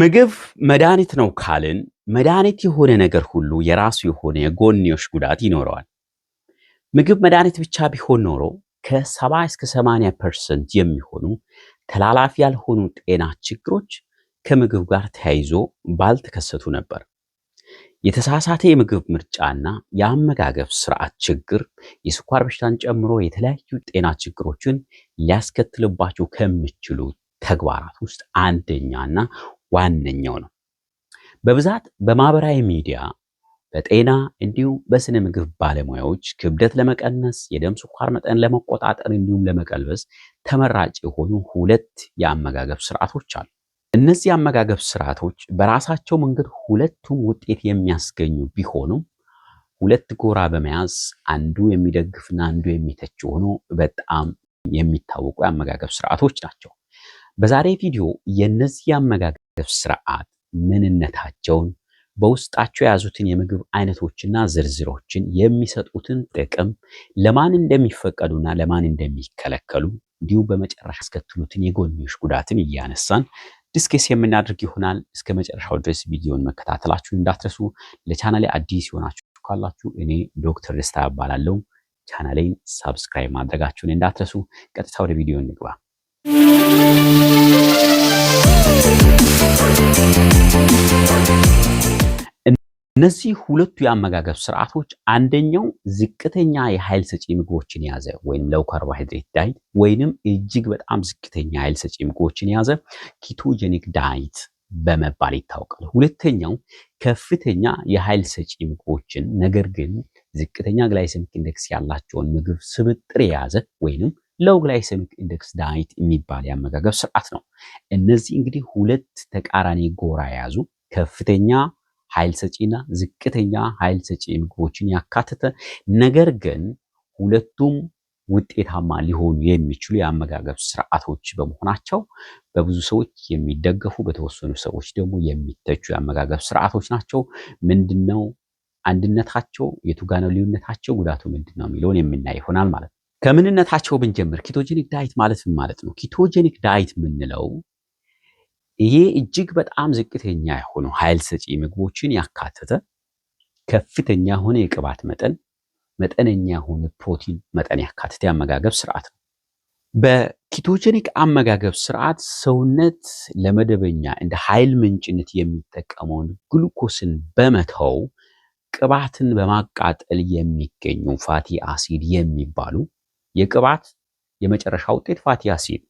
ምግብ መድኃኒት ነው ካልን መድኃኒት የሆነ ነገር ሁሉ የራሱ የሆነ የጎንዮሽ ጉዳት ይኖረዋል። ምግብ መድኃኒት ብቻ ቢሆን ኖሮ ከሰባ እስከ ሰማንያ ፐርሰንት የሚሆኑ ተላላፊ ያልሆኑ ጤና ችግሮች ከምግብ ጋር ተያይዞ ባልተከሰቱ ነበር። የተሳሳተ የምግብ ምርጫና የአመጋገብ ስርዓት ችግር የስኳር በሽታን ጨምሮ የተለያዩ ጤና ችግሮችን ሊያስከትልባቸው ከሚችሉ ተግባራት ውስጥ አንደኛና ዋነኛው ነው። በብዛት በማህበራዊ ሚዲያ በጤና እንዲሁም በስነ ምግብ ባለሙያዎች ክብደት ለመቀነስ የደም ስኳር መጠን ለመቆጣጠር እንዲሁም ለመቀልበስ ተመራጭ የሆኑ ሁለት የአመጋገብ ስርዓቶች አሉ። እነዚህ የአመጋገብ ስርዓቶች በራሳቸው መንገድ ሁለቱም ውጤት የሚያስገኙ ቢሆኑም ሁለት ጎራ በመያዝ አንዱ የሚደግፍና አንዱ የሚተች ሆኖ በጣም የሚታወቁ የአመጋገብ ስርዓቶች ናቸው። በዛሬ ቪዲዮ የእነዚህ የአመጋገብ የአመጋገብ ስርዓት ምንነታቸውን በውስጣቸው የያዙትን የምግብ አይነቶችና ዝርዝሮችን የሚሰጡትን ጥቅም ለማን እንደሚፈቀዱና ለማን እንደሚከለከሉ እንዲሁም በመጨረሻ ያስከትሉትን የጎንዮሽ ጉዳትን እያነሳን ዲስኬስ የምናደርግ ይሆናል። እስከ መጨረሻው ድረስ ቪዲዮን መከታተላችሁን እንዳትረሱ። ለቻናሌ አዲስ የሆናችሁ ካላችሁ እኔ ዶክተር ደስታ እባላለሁ። ቻናሌን ሳብስክራይብ ማድረጋችሁን እንዳትረሱ። ቀጥታ ወደ ቪዲዮ እንግባ። እነዚህ ሁለቱ የአመጋገብ ስርዓቶች አንደኛው ዝቅተኛ የኃይል ሰጪ ምግቦችን የያዘ ወይም ለው ካርቦሃይድሬት ዳይት ወይንም እጅግ በጣም ዝቅተኛ የኃይል ሰጪ ምግቦችን የያዘ ኪቶጀኒክ ዳይት በመባል ይታወቃል። ሁለተኛው ከፍተኛ የኃይል ሰጪ ምግቦችን ነገር ግን ዝቅተኛ ግላይሰሚክ ኢንደክስ ያላቸውን ምግብ ስብጥር የያዘ ወይንም ግላይሰሚክ ኢንዴክስ ዳይት የሚባል የአመጋገብ ስርዓት ነው። እነዚህ እንግዲህ ሁለት ተቃራኒ ጎራ የያዙ ከፍተኛ ኃይል ሰጪና ዝቅተኛ ኃይል ሰጪ ምግቦችን ያካተተ ነገር ግን ሁለቱም ውጤታማ ሊሆኑ የሚችሉ የአመጋገብ ስርዓቶች በመሆናቸው በብዙ ሰዎች የሚደገፉ በተወሰኑ ሰዎች ደግሞ የሚተቹ የአመጋገብ ስርዓቶች ናቸው። ምንድነው አንድነታቸው? የቱ ነው ልዩነታቸው? ጉዳቱ ምንድነው? የሚለውን የምናይ ይሆናል ማለት ነው። ከምንነታቸው ብንጀምር ኪቶጀኒክ ዳይት ማለት ምን ማለት ነው? ኪቶጀኒክ ዳይት የምንለው ይሄ እጅግ በጣም ዝቅተኛ የሆኑ ኃይል ሰጪ ምግቦችን ያካተተ ከፍተኛ የሆነ የቅባት መጠን፣ መጠነኛ የሆነ ፕሮቲን መጠን ያካተተ የአመጋገብ ስርዓት ነው። በኪቶጀኒክ አመጋገብ ስርዓት ሰውነት ለመደበኛ እንደ ኃይል ምንጭነት የሚጠቀመውን ግሉኮስን በመተው ቅባትን በማቃጠል የሚገኙ ፋቲ አሲድ የሚባሉ የቅባት የመጨረሻ ውጤት ፋቲ አሲድ፣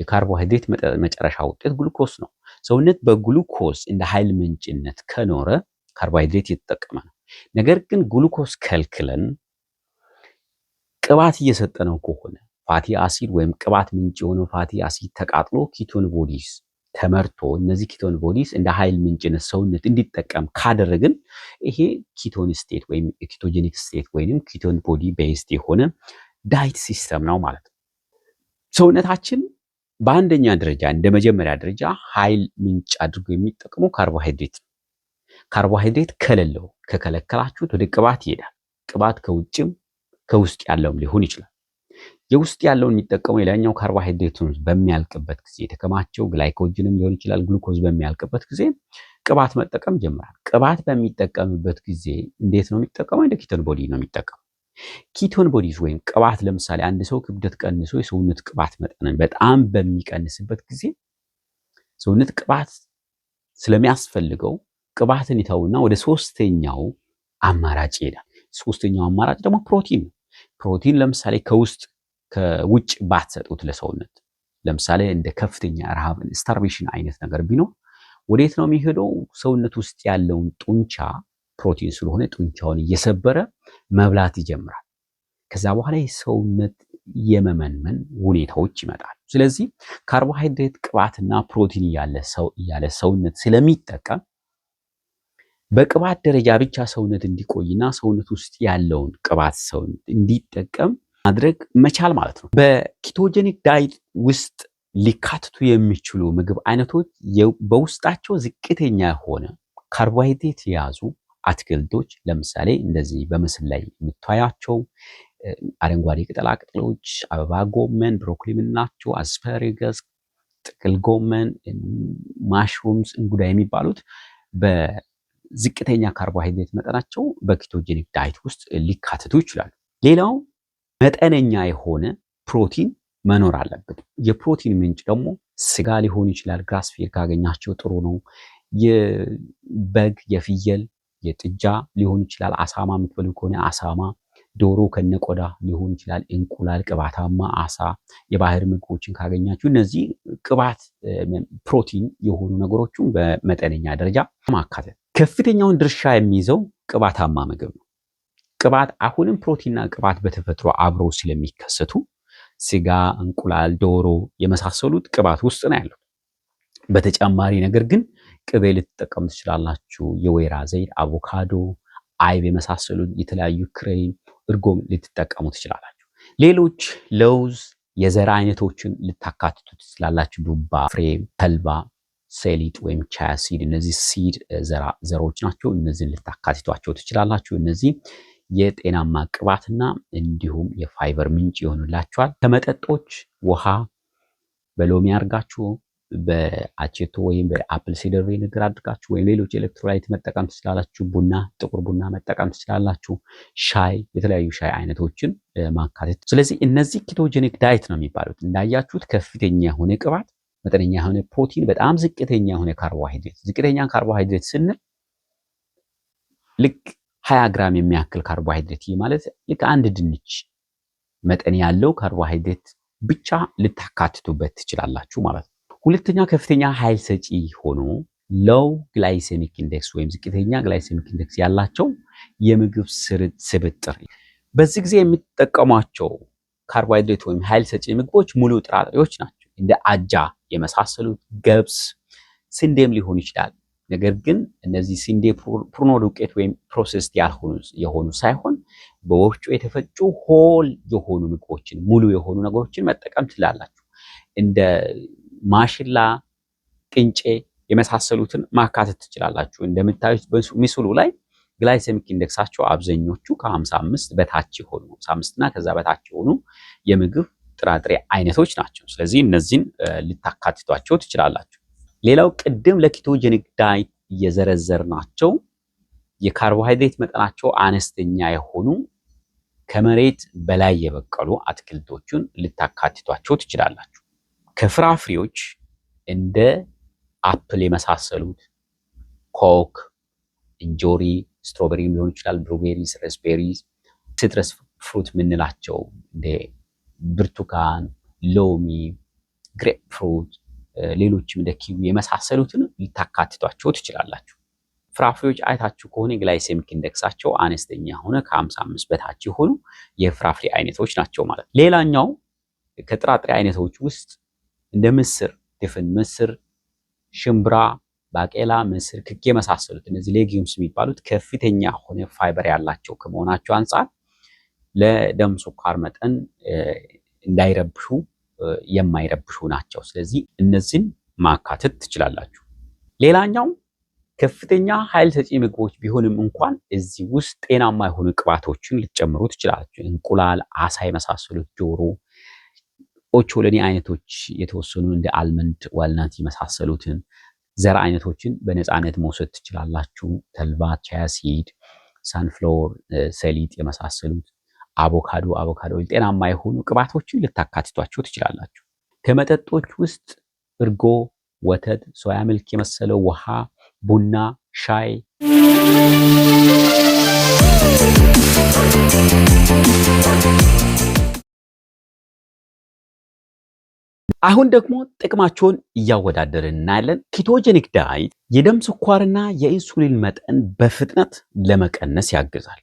የካርቦሃይድሬት መጨረሻ ውጤት ግሉኮስ ነው። ሰውነት በግሉኮስ እንደ ኃይል ምንጭነት ከኖረ ካርቦሃይድሬት እየተጠቀመ ነው። ነገር ግን ግሉኮስ ከልክለን ቅባት እየሰጠነው ከሆነ ፋቲ አሲድ ወይም ቅባት ምንጭ የሆነው ፋቲ አሲድ ተቃጥሎ ኪቶን ቦዲስ ተመርቶ እነዚህ ኪቶን ቦዲስ እንደ ኃይል ምንጭነት ሰውነት እንዲጠቀም ካደረግን ይሄ ኪቶን ስቴት ወይም የኪቶጀኒክ ስቴት ወይም ኪቶን ቦዲ ቤስድ የሆነ ዳይት ሲስተም ነው ማለት ነው። ሰውነታችን በአንደኛ ደረጃ እንደ መጀመሪያ ደረጃ ኃይል ምንጭ አድርጎ የሚጠቅመው ካርቦሃይድሬት ነው። ካርቦሃይድሬት ከሌለው ከከለከላችሁት ወደ ቅባት ይሄዳል። ቅባት ከውጭም ከውስጥ ያለውም ሊሆን ይችላል። የውስጥ ያለውን የሚጠቀመው የላይኛው ካርቦሃይድሬቱን በሚያልቅበት ጊዜ የተከማቸው ግላይኮጅንም ሊሆን ይችላል። ግሉኮዝ በሚያልቅበት ጊዜ ቅባት መጠቀም ጀምራል። ቅባት በሚጠቀምበት ጊዜ እንዴት ነው የሚጠቀመው? እንደ ኪቶን ቦዲ ነው የሚጠቀመው። ኪቶን ቦዲዝ ወይም ቅባት ለምሳሌ አንድ ሰው ክብደት ቀንሶ የሰውነት ቅባት መጠንን በጣም በሚቀንስበት ጊዜ ሰውነት ቅባት ስለሚያስፈልገው ቅባትን ይተውና ወደ ሶስተኛው አማራጭ ይሄዳል። ሶስተኛው አማራጭ ደግሞ ፕሮቲን ነው። ፕሮቲን ለምሳሌ ከውስጥ ከውጭ ባትሰጡት ለሰውነት ለምሳሌ እንደ ከፍተኛ ረሃብን ስታርቬሽን አይነት ነገር ቢኖር ወዴት ነው የሚሄደው? ሰውነት ውስጥ ያለውን ጡንቻ ፕሮቲን ስለሆነ ጡንቻውን እየሰበረ መብላት ይጀምራል። ከዛ በኋላ የሰውነት የመመንመን ሁኔታዎች ይመጣል። ስለዚህ ካርቦሃይድሬት፣ ቅባትና ፕሮቲን እያለ ሰውነት ስለሚጠቀም በቅባት ደረጃ ብቻ ሰውነት እንዲቆይና ሰውነት ውስጥ ያለውን ቅባት ሰውነት እንዲጠቀም ማድረግ መቻል ማለት ነው። በኪቶጀኒክ ዳይት ውስጥ ሊካትቱ የሚችሉ ምግብ አይነቶች በውስጣቸው ዝቅተኛ የሆነ ካርቦሃይድሬት የያዙ አትክልቶች ለምሳሌ እንደዚህ በምስል ላይ የምታያቸው አረንጓዴ ቅጠላ ቅጠሎች፣ አበባ ጎመን፣ ብሮኮሊ የምንላቸው፣ አስፐርገስ፣ ጥቅል ጎመን፣ ማሽሩምስ፣ እንጉዳይ የሚባሉት በዝቅተኛ ካርቦሃይድሬት መጠናቸው በኪቶጀኒክ ዳይት ውስጥ ሊካተቱ ይችላሉ። ሌላው መጠነኛ የሆነ ፕሮቲን መኖር አለበት። የፕሮቲን ምንጭ ደግሞ ስጋ ሊሆን ይችላል። ግራስፌድ ካገኛቸው ጥሩ ነው። የበግ የፍየል የጥጃ ሊሆን ይችላል። አሳማ የምትበሉ ከሆነ አሳማ፣ ዶሮ ከነቆዳ ሊሆን ይችላል። እንቁላል፣ ቅባታማ አሳ፣ የባህር ምግቦችን ካገኛችሁ እነዚህ ቅባት፣ ፕሮቲን የሆኑ ነገሮችን በመጠነኛ ደረጃ ማካተት። ከፍተኛውን ድርሻ የሚይዘው ቅባታማ ምግብ ነው። ቅባት አሁንም ፕሮቲንና ቅባት በተፈጥሮ አብረው ስለሚከሰቱ ስጋ፣ እንቁላል፣ ዶሮ የመሳሰሉት ቅባት ውስጥ ነው ያለው። በተጨማሪ ነገር ግን ቅቤ ልትጠቀሙ ትችላላችሁ። የወይራ ዘይት፣ አቮካዶ፣ አይብ የመሳሰሉ የተለያዩ ክሬም፣ እርጎም ልትጠቀሙ ትችላላችሁ። ሌሎች ለውዝ፣ የዘር አይነቶችን ልታካትቱ ትችላላችሁ። ዱባ ፍሬ፣ ተልባ፣ ሰሊጥ ወይም ቻያ ሲድ፣ እነዚህ ሲድ ዘሮች ናቸው። እነዚህን ልታካትቷቸው ትችላላችሁ። እነዚህ የጤናማ ቅባትና እንዲሁም የፋይበር ምንጭ ይሆኑላችኋል። ከመጠጦች ውሃ በሎሚ አድርጋችሁ በአቼቶ ወይም በአፕል ሲደር ቪኒገር አድርጋችሁ ወይም ሌሎች ኤሌክትሮላይት መጠቀም ትችላላችሁ። ቡና፣ ጥቁር ቡና መጠቀም ትችላላችሁ። ሻይ፣ የተለያዩ ሻይ አይነቶችን ማካተት። ስለዚህ እነዚህ ኪቶጀኒክ ዳይት ነው የሚባሉት። እንዳያችሁት ከፍተኛ የሆነ ቅባት፣ መጠነኛ የሆነ ፕሮቲን፣ በጣም ዝቅተኛ የሆነ ካርቦሃይድሬት። ዝቅተኛ ካርቦሃይድሬት ስንል ልክ ሀያ ግራም የሚያክል ካርቦሃይድሬት ማለት ልክ አንድ ድንች መጠን ያለው ካርቦሃይድሬት ብቻ ልታካትቱበት ትችላላችሁ ማለት ነው። ሁለተኛ ከፍተኛ ኃይል ሰጪ ሆኖ ሎው ግላይሴሚክ ኢንዴክስ ወይም ዝቅተኛ ግላይሴሚክ ኢንዴክስ ያላቸው የምግብ ስብጥር። በዚህ ጊዜ የምትጠቀሟቸው ካርቦሃይድሬት ወይም ኃይል ሰጪ ምግቦች ሙሉ ጥራጥሬዎች ናቸው። እንደ አጃ የመሳሰሉት ገብስ፣ ስንዴም ሊሆን ይችላል። ነገር ግን እነዚህ ስንዴ ፉርኖ ዱቄት ወይም ፕሮሰስድ ያልሆኑ የሆኑ ሳይሆን በወፍጮ የተፈጩ ሆል የሆኑ ምግቦችን ሙሉ የሆኑ ነገሮችን መጠቀም ትችላላችሁ። እንደ ማሽላ፣ ቅንጬ የመሳሰሉትን ማካተት ትችላላችሁ። እንደምታዩት ምስሉ ላይ ግላይሴሚክ ኢንደክሳቸው አብዛኞቹ ከ55 በታች የሆኑ 55 እና ከዛ በታች የሆኑ የምግብ ጥራጥሬ አይነቶች ናቸው። ስለዚህ እነዚህን ልታካትቷቸው ትችላላችሁ። ሌላው ቅድም ለኪቶጀኒክ ዳይት እየዘረዘር ናቸው የካርቦሃይድሬት መጠናቸው አነስተኛ የሆኑ ከመሬት በላይ የበቀሉ አትክልቶችን ልታካትቷቸው ትችላላችሁ። ከፍራፍሬዎች እንደ አፕል የመሳሰሉት ኮክ፣ እንጆሪ፣ ስትሮበሪ ሊሆን ይችላል፣ ብሉቤሪስ፣ ረስቤሪስ፣ ሲትረስ ፍሩት የምንላቸው እንደ ብርቱካን፣ ሎሚ፣ ግሬፕ ፍሩት፣ ሌሎችም እንደ ኪዊ የመሳሰሉትን ልታካትቷቸው ትችላላችሁ። ፍራፍሬዎች አይታችሁ ከሆነ ግላይሴሚክ ኢንደክሳቸው አነስተኛ ሆነ ከ55 በታች የሆኑ የፍራፍሬ አይነቶች ናቸው ማለት። ሌላኛው ከጥራጥሬ አይነቶች ውስጥ እንደ ምስር፣ ድፍን ምስር፣ ሽምብራ፣ ባቄላ፣ ምስር፣ ክክ የመሳሰሉት እነዚህ ሌጊዩምስ የሚባሉት ከፍተኛ ሆነ ፋይበር ያላቸው ከመሆናቸው አንጻር ለደም ስኳር መጠን እንዳይረብሹ የማይረብሹ ናቸው። ስለዚህ እነዚህን ማካተት ትችላላችሁ። ሌላኛው ከፍተኛ ኃይል ሰጪ ምግቦች ቢሆንም እንኳን እዚህ ውስጥ ጤናማ የሆኑ ቅባቶችን ልትጨምሩ ትችላላችሁ። እንቁላል፣ አሳ የመሳሰሉት ጆሮ ኦቾሎኒ አይነቶች የተወሰኑ እንደ አልመንድ፣ ዋልናት የመሳሰሉትን ዘር አይነቶችን በነፃነት መውሰድ ትችላላችሁ። ተልባ፣ ቻያሲድ፣ ሳንፍሎር፣ ሰሊጥ የመሳሰሉት አቮካዶ፣ አቮካዶ ኦይል፣ ጤናማ የሆኑ ቅባቶችን ልታካትቷቸው ትችላላችሁ። ከመጠጦች ውስጥ እርጎ፣ ወተት፣ ሶያ ሚልክ የመሰለው ውሃ፣ ቡና፣ ሻይ አሁን ደግሞ ጥቅማቸውን እያወዳደርን እናያለን። ኪቶጀኒክ ዳይት የደም ስኳርና የኢንሱሊን መጠን በፍጥነት ለመቀነስ ያግዛል።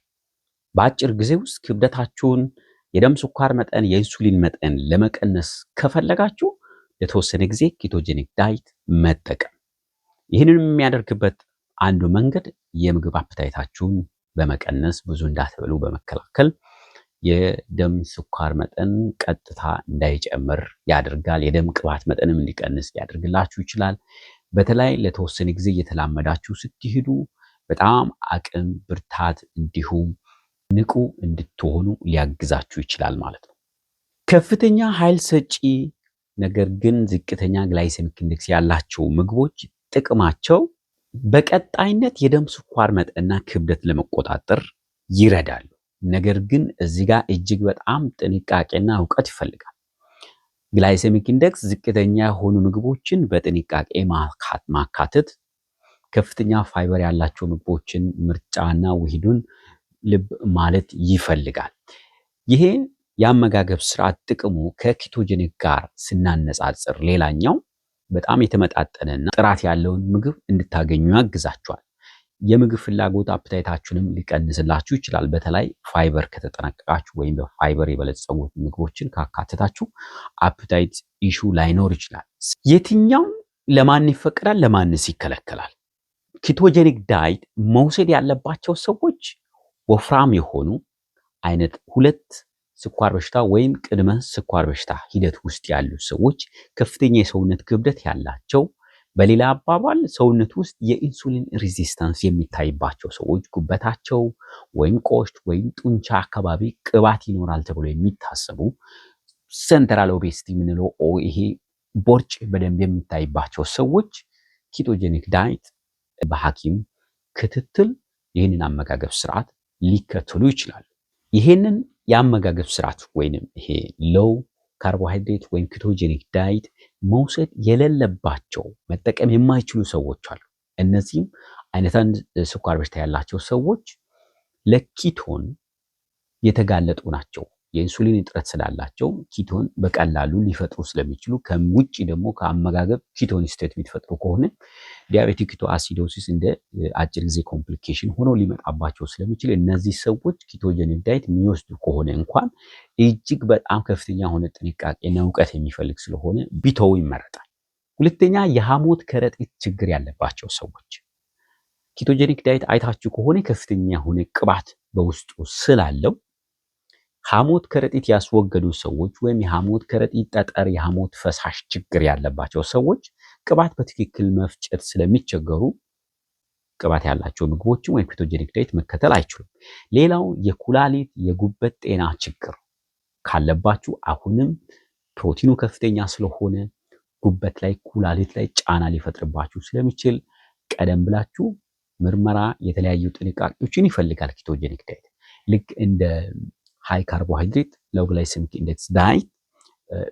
በአጭር ጊዜ ውስጥ ክብደታችሁን፣ የደም ስኳር መጠን፣ የኢንሱሊን መጠን ለመቀነስ ከፈለጋችሁ ለተወሰነ ጊዜ ኪቶጀኒክ ዳይት መጠቀም። ይህንን የሚያደርግበት አንዱ መንገድ የምግብ አፕታይታችሁን በመቀነስ ብዙ እንዳትበሉ በመከላከል የደም ስኳር መጠን ቀጥታ እንዳይጨምር ያደርጋል። የደም ቅባት መጠንም እንዲቀንስ ሊያደርግላችሁ ይችላል። በተለይ ለተወሰነ ጊዜ እየተላመዳችሁ ስትሄዱ በጣም አቅም፣ ብርታት እንዲሁም ንቁ እንድትሆኑ ሊያግዛችሁ ይችላል ማለት ነው። ከፍተኛ ኃይል ሰጪ ነገር ግን ዝቅተኛ ግላይሴሚክ ኢንዴክስ ያላቸው ምግቦች ጥቅማቸው በቀጣይነት የደም ስኳር መጠንና ክብደት ለመቆጣጠር ይረዳሉ። ነገር ግን እዚህ ጋር እጅግ በጣም ጥንቃቄና እውቀት ይፈልጋል። ግላይሴሚክ ኢንደክስ ዝቅተኛ የሆኑ ምግቦችን በጥንቃቄ ማካተት፣ ከፍተኛ ፋይበር ያላቸው ምግቦችን ምርጫና ውሂዱን ልብ ማለት ይፈልጋል። ይሄ የአመጋገብ ስርዓት ጥቅሙ ከኪቶጀኒክ ጋር ስናነጻጽር ሌላኛው በጣም የተመጣጠነና ጥራት ያለውን ምግብ እንድታገኙ ያግዛቸዋል። የምግብ ፍላጎት አፕታይታችሁንም ሊቀንስላችሁ ይችላል። በተለይ ፋይበር ከተጠነቀቃችሁ ወይም በፋይበር የበለጸጉ ምግቦችን ካካተታችሁ አፕታይት ኢሹ ላይኖር ይችላል። የትኛው ለማን ይፈቀዳል? ለማንስ ይከለከላል? ኪቶጀኒክ ዳይት መውሰድ ያለባቸው ሰዎች ወፍራም የሆኑ አይነት ሁለት ስኳር በሽታ ወይም ቅድመ ስኳር በሽታ ሂደት ውስጥ ያሉ ሰዎች፣ ከፍተኛ የሰውነት ክብደት ያላቸው በሌላ አባባል ሰውነት ውስጥ የኢንሱሊን ሬዚስታንስ የሚታይባቸው ሰዎች ጉበታቸው ወይም ቆሽት ወይም ጡንቻ አካባቢ ቅባት ይኖራል ተብሎ የሚታሰቡ ሰንትራል ኦቤስቲ የምንለው ይሄ ቦርጭ በደንብ የሚታይባቸው ሰዎች ኪቶጀኒክ ዳይት በሐኪም ክትትል ይህንን አመጋገብ ስርዓት ሊከተሉ ይችላሉ። ይህንን የአመጋገብ ስርዓት ወይንም ይሄ ሎው ካርቦሃይድሬት ወይም ኪቶጄኒክ ዳይት መውሰድ የሌለባቸው መጠቀም የማይችሉ ሰዎች አሉ። እነዚህም አይነት አንድ ስኳር በሽታ ያላቸው ሰዎች ለኪቶን የተጋለጡ ናቸው። የኢንሱሊን እጥረት ስላላቸው ኪቶን በቀላሉ ሊፈጥሩ ስለሚችሉ ከውጭ ደግሞ ከአመጋገብ ኪቶን ስቴት የሚፈጥሩ ከሆነ ዲያቤቲክ ኪቶ አሲዶሲስ እንደ አጭር ጊዜ ኮምፕሊኬሽን ሆኖ ሊመጣባቸው ስለሚችል እነዚህ ሰዎች ኪቶጀኒክ ዳይት የሚወስዱ ከሆነ እንኳን እጅግ በጣም ከፍተኛ የሆነ ጥንቃቄና እውቀት የሚፈልግ ስለሆነ ቢተው ይመረጣል። ሁለተኛ የሐሞት ከረጢት ችግር ያለባቸው ሰዎች ኪቶጀኒክ ዳይት አይታችሁ ከሆነ ከፍተኛ የሆነ ቅባት በውስጡ ስላለው ሐሞት ከረጢት ያስወገዱ ሰዎች ወይም የሐሞት ከረጢት ጠጠር፣ የሐሞት ፈሳሽ ችግር ያለባቸው ሰዎች ቅባት በትክክል መፍጨት ስለሚቸገሩ ቅባት ያላቸው ምግቦችን ወይም ኬቶጀኒክ ዳይት መከተል አይችሉም። ሌላው የኩላሊት የጉበት ጤና ችግር ካለባችሁ አሁንም ፕሮቲኑ ከፍተኛ ስለሆነ ጉበት ላይ ኩላሊት ላይ ጫና ሊፈጥርባችሁ ስለሚችል ቀደም ብላችሁ ምርመራ የተለያዩ ጥንቃቄዎችን ይፈልጋል ኬቶጀኒክ ዳይት ልክ እንደ ሃይ ካርቦሃይድሬት ሎው ግላይሰሚክ ኢንዴክስ ዳይት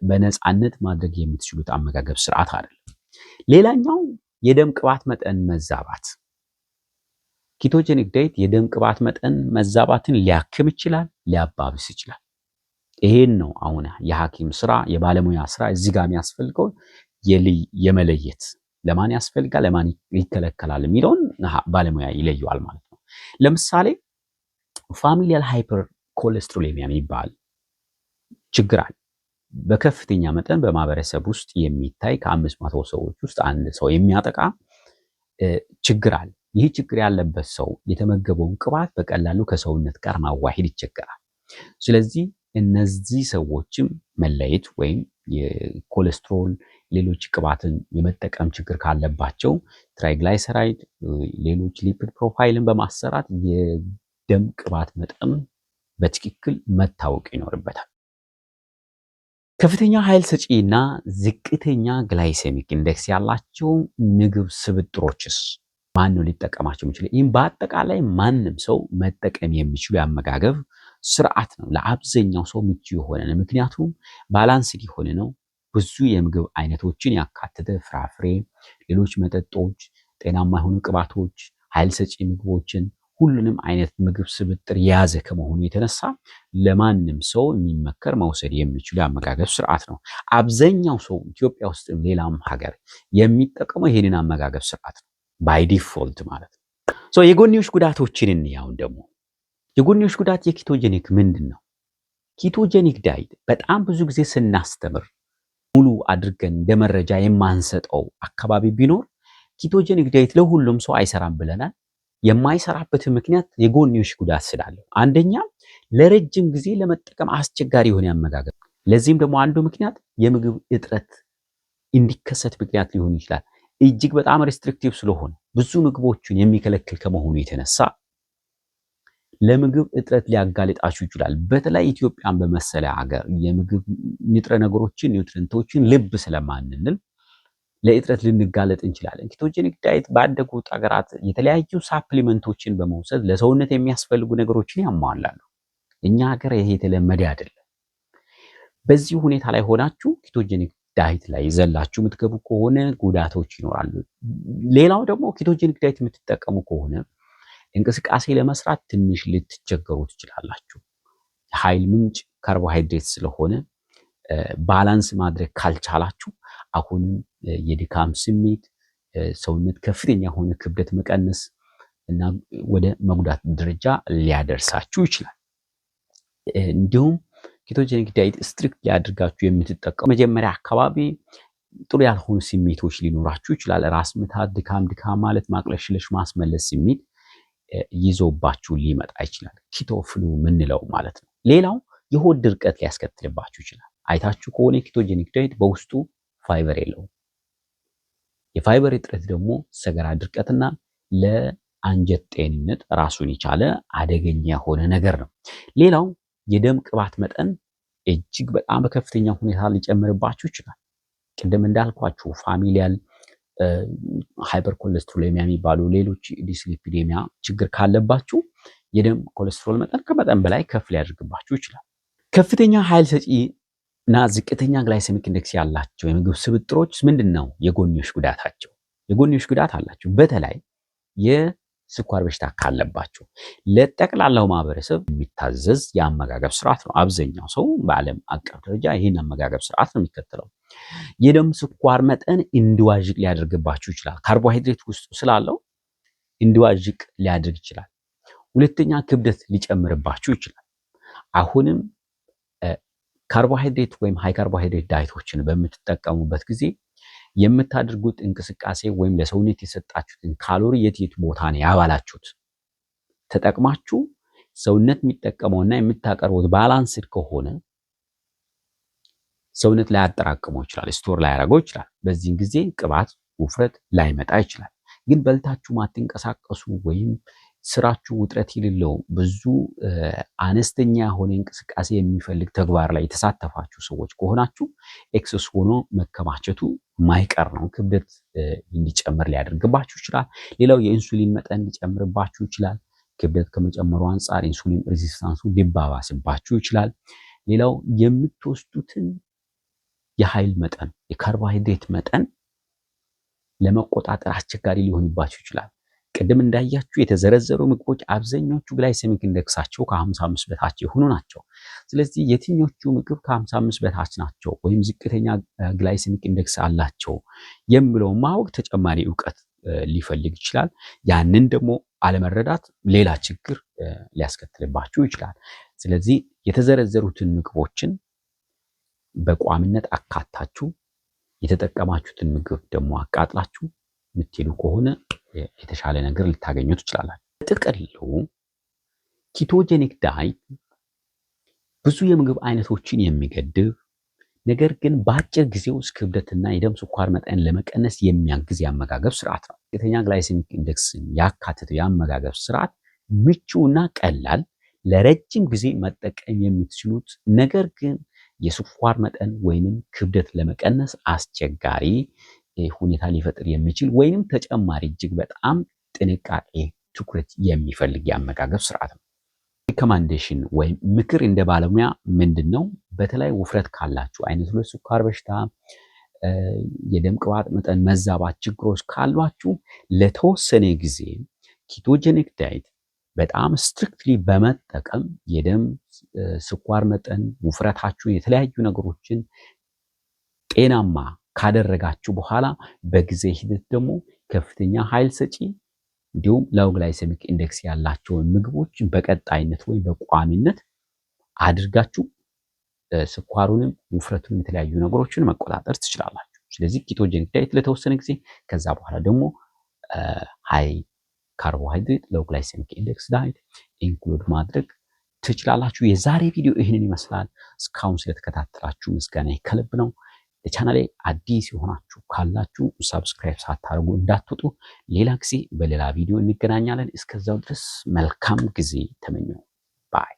በነፃነት ማድረግ የምትችሉት አመጋገብ ስርዓት አይደለም። ሌላኛው የደም ቅባት መጠን መዛባት ኪቶጀኒክ ዳይት የደም ቅባት መጠን መዛባትን ሊያክም ይችላል፣ ሊያባብስ ይችላል። ይሄን ነው አሁን የሐኪም ስራ የባለሙያ ስራ እዚህ ጋር የሚያስፈልገው የመለየት ለማን ያስፈልጋል፣ ለማን ይከለከላል የሚለውን ባለሙያ ይለየዋል ማለት ነው። ለምሳሌ ፋሚሊያል ሃይፐር ኮሌስትሮሌሚያ የሚባል ችግር አለ። በከፍተኛ መጠን በማህበረሰብ ውስጥ የሚታይ ከአምስት መቶ ሰዎች ውስጥ አንድ ሰው የሚያጠቃ ችግር አለ። ይህ ችግር ያለበት ሰው የተመገበውን ቅባት በቀላሉ ከሰውነት ጋር ማዋሄድ ይቸገራል። ስለዚህ እነዚህ ሰዎችም መለየት ወይም የኮሌስትሮል ሌሎች ቅባትን የመጠቀም ችግር ካለባቸው ትራይግላይሰራይድ ሌሎች ሊፒድ ፕሮፋይልን በማሰራት የደም ቅባት መጠን በትክክል መታወቅ ይኖርበታል። ከፍተኛ ኃይል ሰጪና ዝቅተኛ ግላይሴሚክ ኢንደክስ ያላቸው ምግብ ስብጥሮችስ ማን ነው ሊጠቀማቸው የሚችለው? ይህም በአጠቃላይ ማንም ሰው መጠቀም የሚችሉ የአመጋገብ ስርዓት ነው። ለአብዛኛው ሰው ምቹ የሆነ ነው። ምክንያቱም ባላንስ ሊሆን ነው። ብዙ የምግብ አይነቶችን ያካተተ ፍራፍሬ፣ ሌሎች መጠጦች፣ ጤናማ የሆኑ ቅባቶች፣ ኃይል ሰጪ ምግቦችን ሁሉንም አይነት ምግብ ስብጥር የያዘ ከመሆኑ የተነሳ ለማንም ሰው የሚመከር መውሰድ የሚችሉ የአመጋገብ ስርዓት ነው። አብዛኛው ሰው ኢትዮጵያ ውስጥ ሌላም ሀገር የሚጠቀመው ይሄንን አመጋገብ ስርዓት ነው፣ ባይ ዲፎልት ማለት ነው። የጎንዮሽ ጉዳቶችን እንያውን ደግሞ የጎንዮሽ ጉዳት የኪቶጀኒክ ምንድን ነው? ኪቶጀኒክ ዳይት በጣም ብዙ ጊዜ ስናስተምር ሙሉ አድርገን እንደ መረጃ የማንሰጠው አካባቢ ቢኖር ኪቶጀኒክ ዳይት ለሁሉም ሰው አይሰራም ብለናል። የማይሰራበት ምክንያት የጎንዮሽ ጉዳት ስላለው፣ አንደኛ ለረጅም ጊዜ ለመጠቀም አስቸጋሪ የሆነ አመጋገብ። ለዚህም ደግሞ አንዱ ምክንያት የምግብ እጥረት እንዲከሰት ምክንያት ሊሆን ይችላል። እጅግ በጣም ሪስትሪክቲቭ ስለሆነ ብዙ ምግቦችን የሚከለክል ከመሆኑ የተነሳ ለምግብ እጥረት ሊያጋልጣችሁ ይችላል። በተለይ ኢትዮጵያን በመሰለ ሀገር የምግብ ንጥረ ነገሮችን ኒውትረንቶችን ልብ ስለማንንል ለእጥረት ልንጋለጥ እንችላለን። ኪቶጀኒክ ዳይት ባደጉት ሀገራት የተለያዩ ሳፕሊመንቶችን በመውሰድ ለሰውነት የሚያስፈልጉ ነገሮችን ያሟላሉ። እኛ ሀገር ይሄ የተለመደ አይደለም። በዚህ ሁኔታ ላይ ሆናችሁ ኪቶጀኒክ ዳይት ላይ ይዘላችሁ የምትገቡ ከሆነ ጉዳቶች ይኖራሉ። ሌላው ደግሞ ኪቶጀኒክ ዳይት የምትጠቀሙ ከሆነ እንቅስቃሴ ለመስራት ትንሽ ልትቸገሩ ትችላላችሁ። ኃይል ምንጭ ካርቦሃይድሬት ስለሆነ ባላንስ ማድረግ ካልቻላችሁ አሁንም የድካም ስሜት፣ ሰውነት ከፍተኛ የሆነ ክብደት መቀነስ እና ወደ መጉዳት ደረጃ ሊያደርሳችሁ ይችላል። እንዲሁም ኬቶጀኒክ ዳይት ስትሪክት ሊያደርጋችሁ የምትጠቀሙ መጀመሪያ አካባቢ ጥሩ ያልሆኑ ስሜቶች ሊኖራችሁ ይችላል። ራስ ምታት፣ ድካም ድካም ማለት ማቅለሽለሽ፣ ማስመለስ ስሜት ይዞባችሁ ሊመጣ ይችላል። ኪቶ ፍሉ ምንለው ማለት ነው። ሌላው የሆድ ድርቀት ሊያስከትልባችሁ ይችላል። አይታችሁ ከሆነ ኬቶጀኒክ ዳይት በውስጡ ፋይበር የለውም። የፋይበር እጥረት ደግሞ ሰገራ ድርቀትና ለአንጀት ጤንነት ራሱን የቻለ አደገኛ የሆነ ነገር ነው። ሌላው የደም ቅባት መጠን እጅግ በጣም በከፍተኛ ሁኔታ ሊጨምርባችሁ ይችላል። ቅድም እንዳልኳችሁ ፋሚሊያል ሃይፐር ኮሌስትሮሌሚያ የሚባሉ ሌሎች ዲስሊፒዴሚያ ችግር ካለባችሁ የደም ኮሌስትሮል መጠን ከመጠን በላይ ከፍ ሊያደርግባችሁ ይችላል። ከፍተኛ ኃይል ሰጪ እና ዝቅተኛ ግላይሴሚክ ኢንደክስ ያላቸው የምግብ ስብጥሮች ምንድን ነው የጎንዮሽ ጉዳታቸው? የጎንዮሽ ጉዳት አላቸው። በተለይ የስኳር በሽታ ካለባቸው ለጠቅላላው ማህበረሰብ የሚታዘዝ የአመጋገብ ስርዓት ነው። አብዛኛው ሰው በዓለም አቀፍ ደረጃ ይህን አመጋገብ ስርዓት ነው የሚከተለው። የደም ስኳር መጠን እንዲዋዥቅ ሊያደርግባቸው ይችላል። ካርቦሃይድሬት ውስጡ ስላለው እንዲዋዥቅ ሊያደርግ ይችላል። ሁለተኛ ክብደት ሊጨምርባቸው ይችላል። አሁንም ካርቦሃይድሬት ወይም ሃይ ካርቦሃይድሬት ዳይቶችን በምትጠቀሙበት ጊዜ የምታደርጉት እንቅስቃሴ ወይም ለሰውነት የሰጣችሁትን ካሎሪ የት የት ቦታ ነው ያባላችሁት ተጠቅማችሁ ሰውነት የሚጠቀመውና የምታቀርቡት ባላንስድ ከሆነ ሰውነት ላይ አጠራቅመው ይችላል፣ ስቶር ላይ ያደረገው ይችላል። በዚህን ጊዜ ቅባት ውፍረት ላይመጣ ይችላል። ግን በልታችሁ ማትንቀሳቀሱ ወይም ስራችሁ ውጥረት የሌለው ብዙ አነስተኛ የሆነ እንቅስቃሴ የሚፈልግ ተግባር ላይ የተሳተፋችሁ ሰዎች ከሆናችሁ ኤክሰስ ሆኖ መከማቸቱ ማይቀር ነው። ክብደት እንዲጨምር ሊያደርግባችሁ ይችላል። ሌላው የኢንሱሊን መጠን ሊጨምርባችሁ ይችላል። ክብደት ከመጨመሩ አንጻር ኢንሱሊን ሬዚስታንሱ ሊባባስባችሁ ይችላል። ሌላው የምትወስዱትን የኃይል መጠን የካርቦሃይድሬት መጠን ለመቆጣጠር አስቸጋሪ ሊሆንባችሁ ይችላል። ቅድም እንዳያችሁ የተዘረዘሩ ምግቦች አብዛኞቹ ግላይሴሚክ ኢንደክሳቸው ከ55 በታች የሆኑ ናቸው። ስለዚህ የትኞቹ ምግብ ከ55 በታች ናቸው ወይም ዝቅተኛ ግላይሴሚክ ኢንደክስ አላቸው የሚለው ማወቅ ተጨማሪ እውቀት ሊፈልግ ይችላል። ያንን ደግሞ አለመረዳት ሌላ ችግር ሊያስከትልባችሁ ይችላል። ስለዚህ የተዘረዘሩትን ምግቦችን በቋሚነት አካታችሁ የተጠቀማችሁትን ምግብ ደግሞ አቃጥላችሁ የምትሄዱ ከሆነ የተሻለ ነገር ልታገኙ ትችላላችሁ። ጥቅሉ ኪቶጀኒክ ዳይት ብዙ የምግብ አይነቶችን የሚገድብ ነገር ግን በአጭር ጊዜ ውስጥ ክብደትና የደም ስኳር መጠን ለመቀነስ የሚያግዝ የአመጋገብ ስርዓት ነው። ዝቅተኛ ግላይሴሚክ ኢንዴክስን ያካተተው የአመጋገብ ስርዓት ምቹና ቀላል፣ ለረጅም ጊዜ መጠቀም የምትችሉት ነገር ግን የስኳር መጠን ወይንም ክብደት ለመቀነስ አስቸጋሪ ሁኔታ ሊፈጥር የሚችል ወይንም ተጨማሪ እጅግ በጣም ጥንቃቄ ትኩረት የሚፈልግ የአመጋገብ ስርዓት ነው። ሪኮማንዴሽን ወይም ምክር እንደ ባለሙያ ምንድን ነው? በተለይ ውፍረት ካላችሁ፣ አይነት ሁለት ስኳር በሽታ፣ የደም ቅባት መጠን መዛባት ችግሮች ካሏችሁ ለተወሰነ ጊዜ ኪቶጀኒክ ዳይት በጣም ስትሪክትሊ በመጠቀም የደም ስኳር መጠን፣ ውፍረታችሁን፣ የተለያዩ ነገሮችን ጤናማ ካደረጋችሁ በኋላ በጊዜ ሂደት ደግሞ ከፍተኛ ኃይል ሰጪ እንዲሁም ላውግላይሰሚክ ኢንዴክስ ያላቸውን ምግቦች በቀጣይነት ወይም በቋሚነት አድርጋችሁ ስኳሩንም ውፍረቱንም የተለያዩ ነገሮችን መቆጣጠር ትችላላችሁ። ስለዚህ ኪቶጀኒክ ዳይት ለተወሰነ ጊዜ ከዛ በኋላ ደግሞ ሃይ ካርቦሃይድሬት ሎው ግላይሴሚክ ኢንዴክስ ዳይት ኢንክሉድ ማድረግ ትችላላችሁ። የዛሬ ቪዲዮ ይህንን ይመስላል። እስካሁን ስለተከታተላችሁ ምስጋና ከልብ ነው። ለቻናሌ አዲስ የሆናችሁ ካላችሁ ሰብስክራይብ ሳታደርጉ እንዳትወጡ። ሌላ ጊዜ በሌላ ቪዲዮ እንገናኛለን። እስከዛው ድረስ መልካም ጊዜ ተመኘው። ባይ